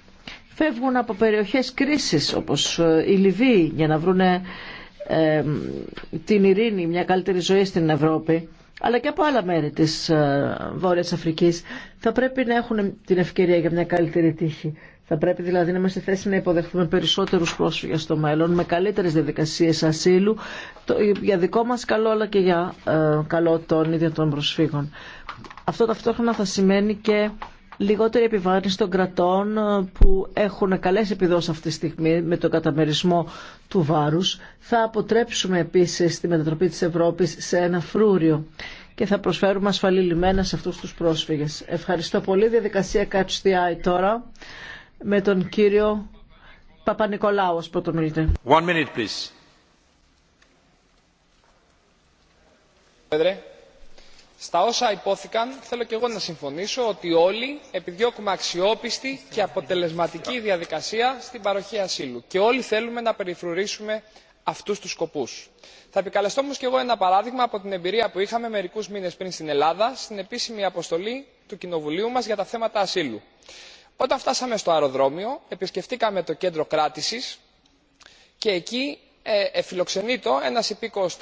φεύγουν από περιοχές κρίσης όπως ε, η Λιβύη για να βρουν ε, την ειρήνη, μια καλύτερη ζωή στην Ευρώπη αλλά και από άλλα μέρη της ε, Βόρειας Αφρικής θα πρέπει να έχουν την ευκαιρία για μια καλύτερη τύχη. Θα πρέπει δηλαδή να είμαστε θέση να υποδεχθούμε περισσότερους πρόσφυγες στο μέλλον με καλύτερες διαδικασίες ασύλου για δικό μας καλό αλλά και για καλό των ίδιων των προσφύγων. Αυτό ταυτόχρονα θα σημαίνει και λιγότερη επιβάρυνση των κρατών ε, που έχουν καλές επιδόσεις αυτή τη στιγμή με τον καταμερισμό του βάρους. Θα αποτρέψουμε επίσης τη μετατροπή της Ευρώπης σε ένα φρούριο και θα προσφέρουμε ασφαλή λιμένα σε αυτούς τους πρόσφυγες. Ευχαριστώ πολύ. Διαδικασία Catch τώρα με τον κύριο Παπα-Νικολάου ως πρώτο One minute, please στα όσα υπόθηκαν θέλω και εγώ να συμφωνήσω ότι όλοι επιδιώκουμε αξιόπιστη και αποτελεσματική διαδικασία στην παροχή ασύλου και όλοι θέλουμε να περιφρουρήσουμε αυτούς τους σκοπούς. θα επικαλεστώ όμως και εγώ ένα παράδειγμα από την εμπειρία που είχαμε μερικούς μήνες πριν στην ελλάδα στην επίσημη αποστολή του κοινοβουλίου μας για τα θέματα ασύλου. όταν φτάσαμε στο αεροδρόμιο επισκεφτήκαμε το κέντρο κράτησης και εκεί ε, φιλοξενείται ένας υπήκοος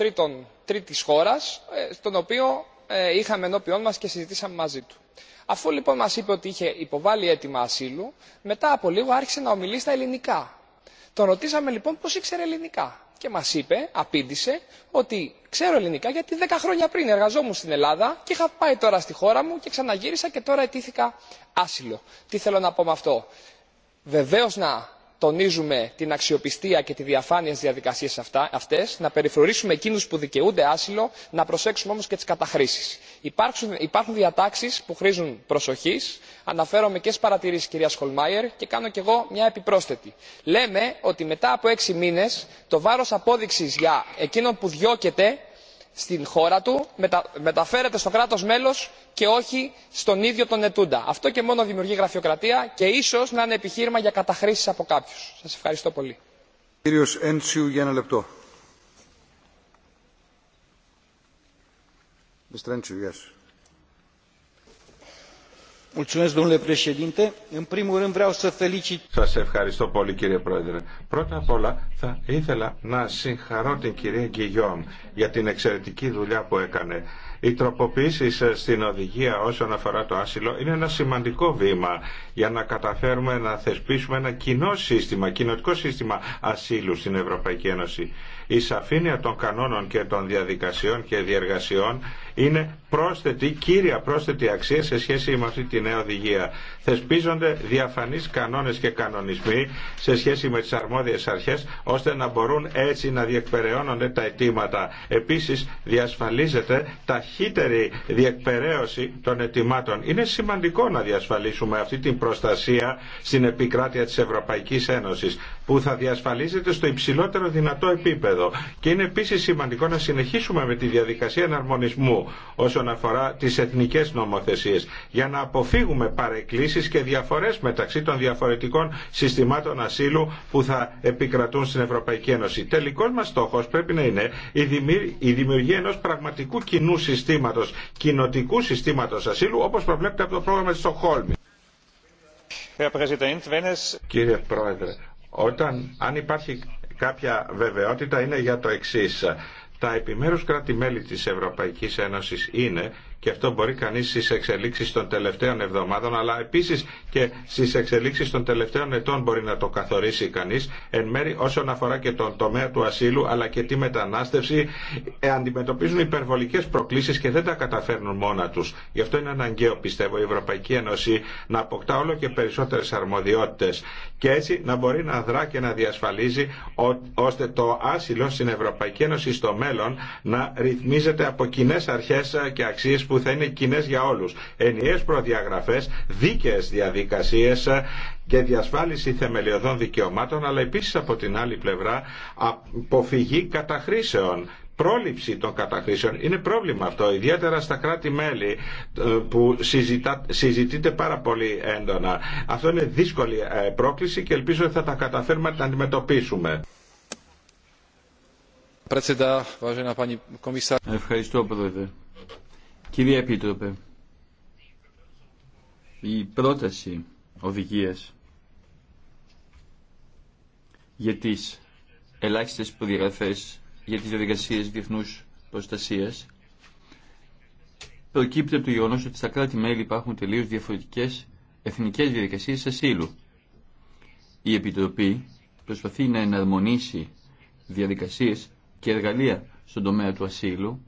τρίτης χώρας ε, στον οποίο ε, είχαμε ενώπιόν μας και συζητήσαμε μαζί του. Αφού λοιπόν μας είπε ότι είχε υποβάλει αίτημα ασύλου, μετά από λίγο άρχισε να ομιλεί στα ελληνικά. Τον ρωτήσαμε λοιπόν πώς ήξερε ελληνικά και μας είπε, απήντησε, ότι ξέρω ελληνικά γιατί 10 χρόνια πριν εργαζόμουν στην Ελλάδα και είχα πάει τώρα στη χώρα μου και ξαναγύρισα και τώρα ετήθηκα άσυλο. Τι θέλω να πω με αυτό. Βεβαίω να τονίζουμε την αξιοπιστία και τη διαφάνεια στις διαδικασίες αυτές να περιφρουρήσουμε εκείνους που δικαιούνται άσυλο να προσέξουμε όμως και τι καταχρήσει. υπάρχουν διατάξεις που χρήζουν προσοχής αναφέρομαι και στις παρατηρήσει τη κυρίας χολμάιερ και κάνω κι εγώ μια επιπρόσθετη. λέμε ότι μετά από έξι μήνε το βάρο απόδειξη για εκείνον που διώκεται στην χώρα του μεταφέρεται στο κράτος μέλος και όχι στον ίδιο τον ετούντα. αυτό και μόνο δημιουργεί γραφειοκρατία και ίσως να είναι επιχείρημα για καταχρήσεις από κάποιους. σας ευχαριστώ πολύ. Σας ευχαριστώ πολύ κύριε Πρόεδρε. Πρώτα απ' όλα θα ήθελα να συγχαρώ την κυρία Γκυγιόμ για την εξαιρετική δουλειά που έκανε. Οι τροποποιήσεις ε, στην οδηγία όσον αφορά το άσυλο είναι ένα σημαντικό βήμα για να καταφέρουμε να θεσπίσουμε ένα κοινό σύστημα, κοινοτικό σύστημα ασύλου στην Ευρωπαϊκή Ένωση. Η σαφήνεια των κανόνων και των διαδικασιών και διεργασιών είναι πρόσθετη, κύρια πρόσθετη αξία σε σχέση με αυτή τη νέα οδηγία. Θεσπίζονται διαφανείς κανόνες και κανονισμοί σε σχέση με τις αρμόδιες αρχές, ώστε να μπορούν έτσι να διεκπεραιώνονται τα αιτήματα. Επίσης, διασφαλίζεται ταχύτερη διεκπεραίωση των αιτημάτων. Είναι σημαντικό να διασφαλίσουμε αυτή την προστασία στην επικράτεια της Ευρωπαϊκής Ένωσης, που θα διασφαλίζεται στο υψηλότερο δυνατό επίπεδο. Και είναι επίση σημαντικό να συνεχίσουμε με τη διαδικασία εναρμονισμού όσον αφορά τι εθνικέ νομοθεσίε για να αποφύγουμε παρεκκλήσει και διαφορέ μεταξύ των διαφορετικών συστημάτων ασύλου που θα επικρατούν στην Ευρωπαϊκή Ένωση. Τελικό μα στόχο πρέπει να είναι η δημιουργία ενό πραγματικού κοινού συστήματο, κοινοτικού συστήματο ασύλου, όπω προβλέπεται από το πρόγραμμα τη Στοχόλμη. Κύριε Πρόεδρε, όταν, αν υπάρχει κάποια βεβαιότητα είναι για το εξής. Τα επιμέρους κράτη-μέλη της Ευρωπαϊκής Ένωσης είναι και αυτό μπορεί κανείς στις εξελίξεις των τελευταίων εβδομάδων αλλά επίσης και στις εξελίξεις των τελευταίων ετών μπορεί να το καθορίσει κανείς εν μέρη όσον αφορά και τον τομέα του ασύλου αλλά και τη μετανάστευση ε, αντιμετωπίζουν υπερβολικές προκλήσεις και δεν τα καταφέρνουν μόνα τους. Γι' αυτό είναι αναγκαίο πιστεύω η Ευρωπαϊκή Ένωση να αποκτά όλο και περισσότερες αρμοδιότητες και έτσι να μπορεί να δρά και να διασφαλίζει ώστε το άσυλο στην Ευρωπαϊκή Ένωση στο μέλλον να ρυθμίζεται από κοινέ αρχές και αξίες που θα είναι κοινέ για όλου. Ενιαίε προδιαγραφέ, δίκαιε διαδικασίε και διασφάλιση θεμελιωδών δικαιωμάτων, αλλά επίση από την άλλη πλευρά αποφυγή καταχρήσεων πρόληψη των καταχρήσεων. Είναι πρόβλημα αυτό, ιδιαίτερα στα κράτη-μέλη ε, που συζητά, συζητείται πάρα πολύ έντονα. Αυτό είναι δύσκολη ε, πρόκληση και ελπίζω ότι θα τα καταφέρουμε να την αντιμετωπίσουμε. Ευχαριστώ, Πρόεδρε. Κυρία Επίτροπε, η πρόταση οδηγίας για τις ελάχιστες προδιαγραφές για τις διαδικασίες διεθνούς προστασίας προκύπτει από το γεγονός ότι στα κράτη-μέλη υπάρχουν τελείως διαφορετικές εθνικές διαδικασίες ασύλου. Η Επιτροπή προσπαθεί να εναρμονίσει διαδικασίες και εργαλεία στον τομέα του ασύλου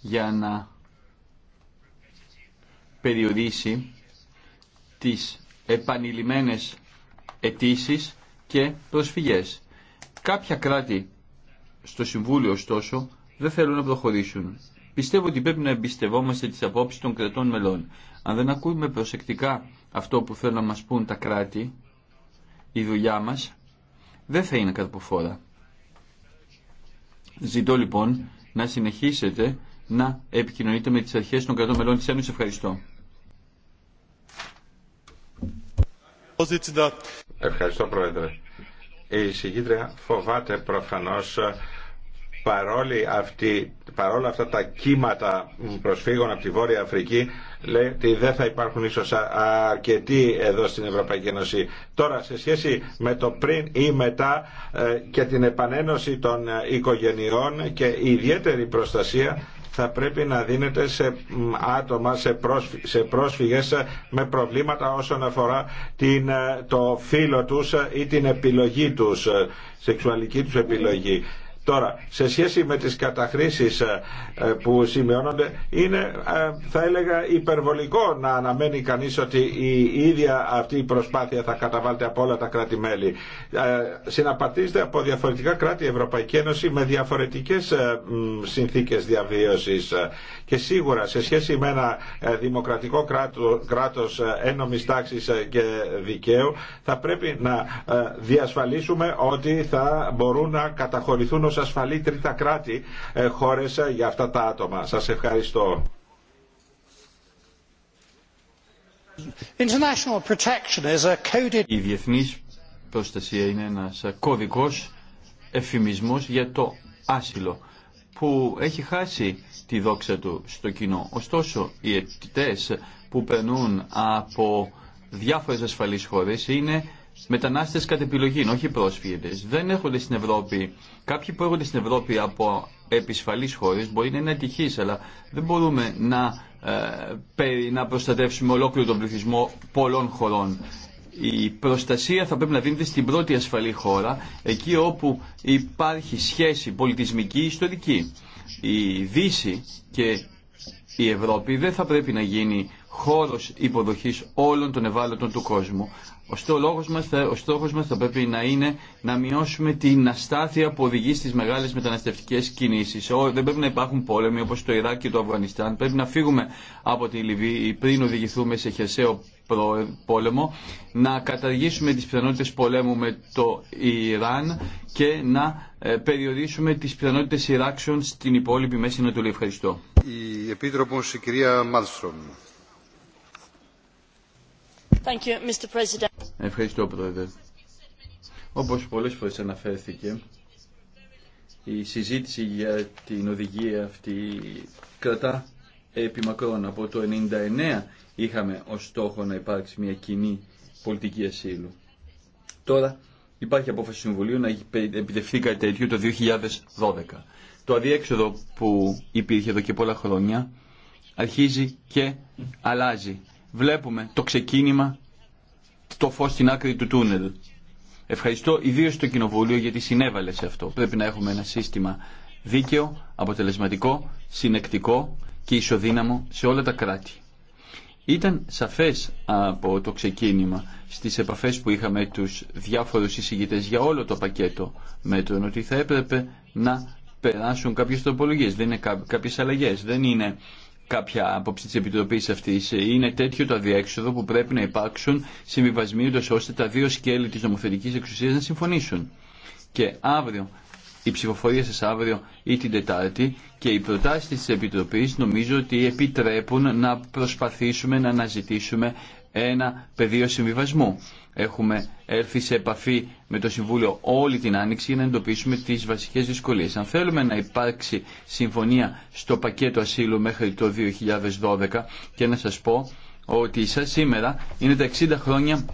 για να περιορίσει τις επανειλημμένες αιτήσει και προσφυγές. Κάποια κράτη στο Συμβούλιο ωστόσο δεν θέλουν να προχωρήσουν. Πιστεύω ότι πρέπει να εμπιστευόμαστε τις απόψεις των κρατών μελών. Αν δεν ακούμε προσεκτικά αυτό που θέλουν να μας πούν τα κράτη, η δουλειά μας δεν θα είναι καρποφόρα. Ζητώ λοιπόν να συνεχίσετε να επικοινωνείτε με τις αρχές των κρατών μελών της Ένωσης. Ευχαριστώ. Ευχαριστώ Πρόεδρε. Η συγκίτρια φοβάται προφανώς παρόλη αυτή, παρόλα αυτά τα κύματα προσφύγων από τη Βόρεια Αφρική λέει ότι δεν θα υπάρχουν ίσως αρκετοί εδώ στην Ευρωπαϊκή Ένωση. Τώρα σε σχέση με το πριν ή μετά ε, και την επανένωση των ε, οικογενειών και ιδιαίτερη προστασία θα πρέπει να δίνεται σε άτομα, σε, πρόσφυγες, ε, με προβλήματα όσον αφορά την, ε, το φύλλο τους ε, ή την επιλογή τους, σεξουαλική τους επιλογή. Τώρα, σε σχέση με τις καταχρήσεις ε, ε, που σημειώνονται, είναι, ε, θα έλεγα, υπερβολικό να αναμένει κανείς ότι η ίδια αυτή η προσπάθεια θα καταβάλλεται από όλα τα κράτη-μέλη. Συναπατίζεται από διαφορετικά κράτη η Ευρωπαϊκή Ένωση με διαφορετικές συνθήκες διαβίωσης. Και σίγουρα, σε σχέση με ένα δημοκρατικό κράτος ένομης τάξης και δικαίου, θα πρέπει να διασφαλίσουμε ότι θα μπορούν να καταχωρηθούν ως ασφαλή τρίτα κράτη ε, χώρες ε, για αυτά τα άτομα. Σας ευχαριστώ. Η διεθνής προστασία είναι ένας ε, κωδικός εφημισμός για το άσυλο που έχει χάσει τη δόξα του στο κοινό. Ωστόσο, οι αιτητές που περνούν από διάφορες ασφαλείς χώρες είναι μετανάστες κατ' επιλογή, όχι πρόσφυγες. Δεν έρχονται στην Ευρώπη Κάποιοι που έρχονται στην Ευρώπη από επισφαλείς χώρες μπορεί να είναι ατυχείς, αλλά δεν μπορούμε να, ε, να προστατεύσουμε ολόκληρο τον πληθυσμό πολλών χωρών. Η προστασία θα πρέπει να δίνεται στην πρώτη ασφαλή χώρα, εκεί όπου υπάρχει σχέση πολιτισμική ή ιστορική. Η Δύση και η Ευρώπη δεν θα πρέπει να γίνει χώρος υποδοχής όλων των ευάλωτων του κόσμου. Ο στόχος, μας θα, ο στόχος μας θα πρέπει να είναι να μειώσουμε την αστάθεια που οδηγεί στις μεγάλες μεταναστευτικές κινήσεις. Δεν πρέπει να υπάρχουν πόλεμοι όπως το Ιράκ και το Αφγανιστάν. Πρέπει να φύγουμε από τη Λιβύη πριν οδηγηθούμε σε χερσαίο πόλεμο, να καταργήσουμε τις πιθανότητες πολέμου με το Ιράν και να ε, περιορίσουμε τις πιθανότητες Ιράξεων στην υπόλοιπη Μέση Ανατολή. Ευχαριστώ. Η Επίτροπος, η κυρία Ευχαριστώ, Πρόεδρε. Όπως πολλές φορές αναφέρθηκε, η συζήτηση για την οδηγία αυτή κρατά επί μακρόν. Από το 1999 είχαμε ως στόχο να υπάρξει μια κοινή πολιτική ασύλου. Τώρα υπάρχει απόφαση του Συμβουλίου να επιτευχθεί κάτι τέτοιο το 2012. Το αδιέξοδο που υπήρχε εδώ και πολλά χρόνια αρχίζει και αλλάζει βλέπουμε το ξεκίνημα, το φως στην άκρη του τούνελ. Ευχαριστώ ιδίω το Κοινοβούλιο γιατί συνέβαλε σε αυτό. Πρέπει να έχουμε ένα σύστημα δίκαιο, αποτελεσματικό, συνεκτικό και ισοδύναμο σε όλα τα κράτη. Ήταν σαφές από το ξεκίνημα στις επαφές που είχαμε τους διάφορους εισηγητές για όλο το πακέτο μέτρων ότι θα έπρεπε να περάσουν κάποιες τροπολογίες, δεν είναι κάποιες αλλαγές, δεν είναι κάποια άποψη τη Επιτροπή αυτή. Είναι τέτοιο το αδιέξοδο που πρέπει να υπάρξουν συμβιβασμοί, ώστε τα δύο σκέλη τη νομοθετική εξουσία να συμφωνήσουν. Και αύριο, η ψηφοφορία σα αύριο ή την Τετάρτη και οι προτάσει τη Επιτροπή νομίζω ότι επιτρέπουν να προσπαθήσουμε να αναζητήσουμε ένα πεδίο συμβιβασμού. Έχουμε έρθει σε επαφή με το Συμβούλιο όλη την Άνοιξη για να εντοπίσουμε τι βασικέ δυσκολίε. Αν θέλουμε να υπάρξει συμφωνία στο πακέτο ασύλου μέχρι το 2012 και να σα πω ότι σα σήμερα είναι τα 60 χρόνια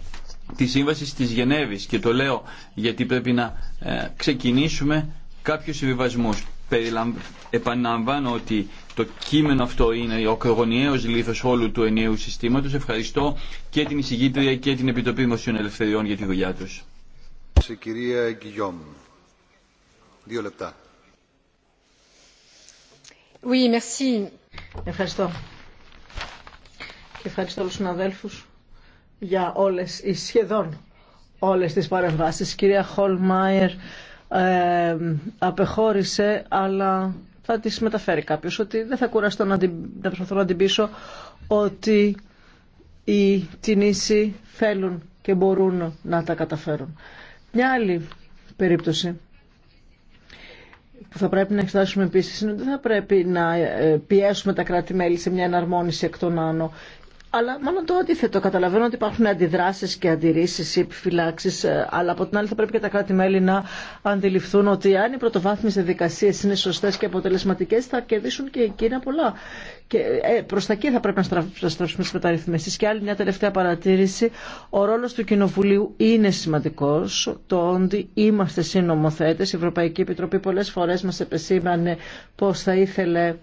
τη σύμβαση τη Γενέβη και το λέω γιατί πρέπει να ε, ξεκινήσουμε κάποιου συμβιβασμού. Επαναλαμβάνω ότι το κείμενο αυτό είναι ο κρογωνιαίο λήθος όλου του ενιαίου συστήματος. Ευχαριστώ και την εισηγήτρια και την Επιτροπή Δημοσίων Ελευθεριών για τη δουλειά τους. Σε κυρία Γκυγιόμ. Δύο λεπτά. Oui, merci. Ευχαριστώ. Και ευχαριστώ όλους τους συναδέλφους για όλες ή σχεδόν όλες τις παρεμβάσεις. Η κυρία κυρια χολμαιερ ε, απεχώρησε, αλλά θα τις μεταφέρει κάποιος, ότι δεν θα κουραστώ να, την, να προσπαθώ να την πείσω, ότι οι Τινήσοι θέλουν και μπορούν να τα καταφέρουν. Μια άλλη περίπτωση που θα πρέπει να εξετάσουμε επίση είναι ότι δεν θα πρέπει να ε, πιέσουμε τα κράτη-μέλη σε μια εναρμόνιση εκ των άνω αλλά μάλλον το αντίθετο. Καταλαβαίνω ότι υπάρχουν αντιδράσει και αντιρρήσει ή επιφυλάξει. Ε, αλλά από την άλλη θα πρέπει και τα κράτη-μέλη να αντιληφθούν ότι αν οι πρωτοβάθμιε διαδικασίε είναι σωστέ και αποτελεσματικέ, θα κερδίσουν και εκείνα πολλά. Και ε, προ τα εκεί θα πρέπει να στραφούμε στου μεταρρυθμιστέ. Και άλλη μια τελευταία παρατήρηση. Ο ρόλο του Κοινοβουλίου είναι σημαντικό. Το ότι είμαστε συνομοθέτε. Η Ευρωπαϊκή Επιτροπή πολλέ φορέ μα επεσήμανε πώ θα ήθελε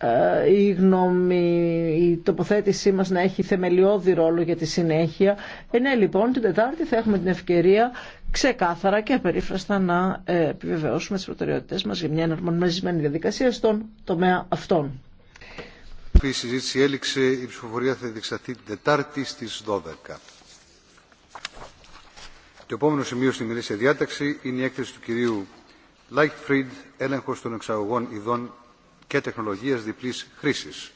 ε, η γνώμη, η τοποθέτησή μας να έχει θεμελιώδη ρόλο για τη συνέχεια. Ε, ναι, λοιπόν, την Τετάρτη θα έχουμε την ευκαιρία ξεκάθαρα και απερίφραστα να ε, επιβεβαιώσουμε τις προτεραιότητες μας για μια εναρμονισμένη διαδικασία στον τομέα αυτών. Η συζήτηση έληξε, η ψηφοφορία θα διεξαχθεί την Τετάρτη στις 12. Το επόμενο σημείο στην ημερήσια διάταξη είναι η έκθεση του κυρίου Lightfried, έλεγχος των εξαγωγών ειδών και τεχνολογίες διπλής χρήσης.